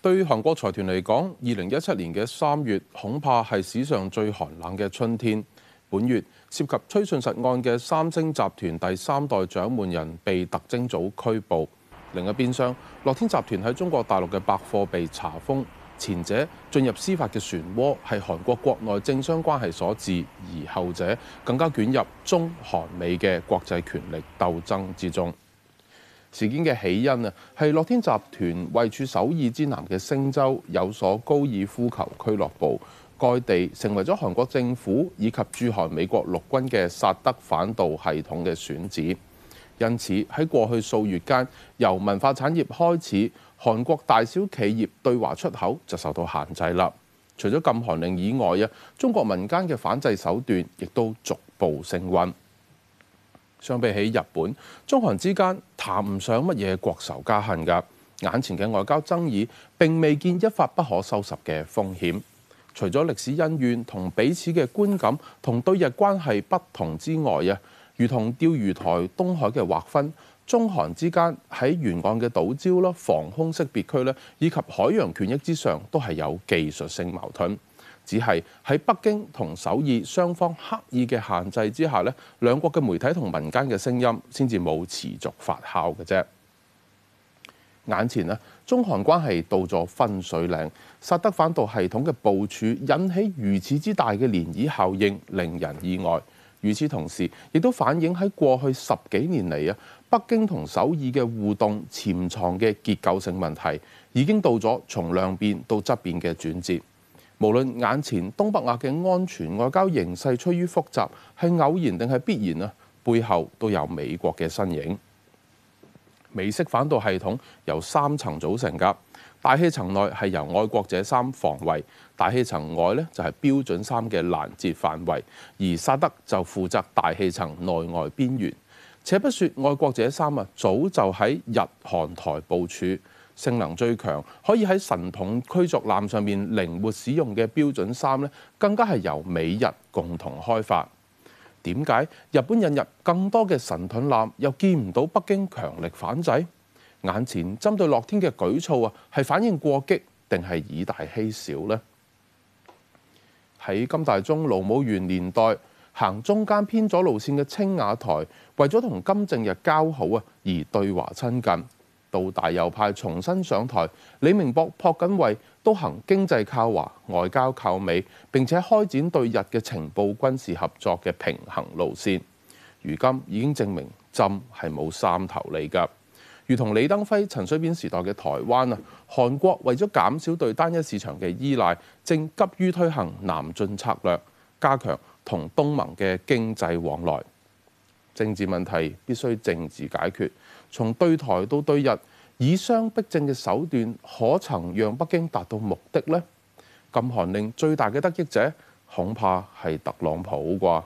對於韓國財團嚟講，二零一七年嘅三月恐怕係史上最寒冷嘅春天。本月涉及崔信實案嘅三星集團第三代掌門人被特偵組拘捕。另一邊廂，樂天集團喺中國大陸嘅百貨被查封。前者進入司法嘅漩渦係韓國國內政商關係所致，而後者更加捲入中韓美嘅國際權力鬥爭之中。事件嘅起因啊，係樂天集團位處首爾之南嘅星州有所高爾夫球俱樂部，該地成為咗韓國政府以及駐韓美國陸軍嘅薩德反導系統嘅選址。因此喺過去數月間，由文化產業開始，韓國大小企業對華出口就受到限制啦。除咗禁韓令以外啊，中國民間嘅反制手段亦都逐步升溫。相比起日本，中韓之間談唔上乜嘢國仇家恨㗎。眼前嘅外交爭議並未見一發不可收拾嘅風險。除咗歷史恩怨同彼此嘅觀感同對日關係不同之外啊，如同釣魚台、東海嘅劃分，中韓之間喺沿岸嘅島礁啦、防空識別區咧，以及海洋權益之上，都係有技術性矛盾。只係喺北京同首爾雙方刻意嘅限制之下呢，兩國嘅媒體同民間嘅聲音先至冇持續發酵嘅啫。眼前咧，中韓關係到咗分水嶺，薩德反導系統嘅部署引起如此之大嘅漣漪效應，令人意外。與此同時，亦都反映喺過去十幾年嚟啊，北京同首爾嘅互動潛藏嘅結構性問題已經到咗從量變到質變嘅轉折。無論眼前東北亞嘅安全外交形勢趨於複雜，係偶然定係必然啊？背後都有美國嘅身影。美式反導系統由三層組成㗎，大氣層內係由愛國者三防衛，大氣層外咧就係標準三嘅攔截範圍，而薩德就負責大氣層內外邊緣。且不說愛國者三啊，早就喺日韓台部署。性能最強，可以喺神盾驅逐艦上面靈活使用嘅標準三呢，更加係由美日共同開發。點解日本引入更多嘅神盾艦又見唔到北京強力反制？眼前針對樂天嘅舉措啊，係反應過激定係以大欺小呢？喺金大中盧武鉉年代行中間偏左路線嘅青瓦台，為咗同金正日交好啊而對華親近。到大右派重新上台，李明博、朴槿惠都行經濟靠華外交靠美，並且開展對日嘅情報軍事合作嘅平衡路線，如今已經證明真係冇三頭利㗎，如同李登輝、陳水扁時代嘅台灣啊，韓國為咗減少對單一市場嘅依賴，正急於推行南進策略，加強同東盟嘅經濟往來。政治問題必須政治解決。從對台到對日，以商逼政嘅手段，可曾讓北京達到目的呢？禁韓令最大嘅得益者，恐怕係特朗普啩。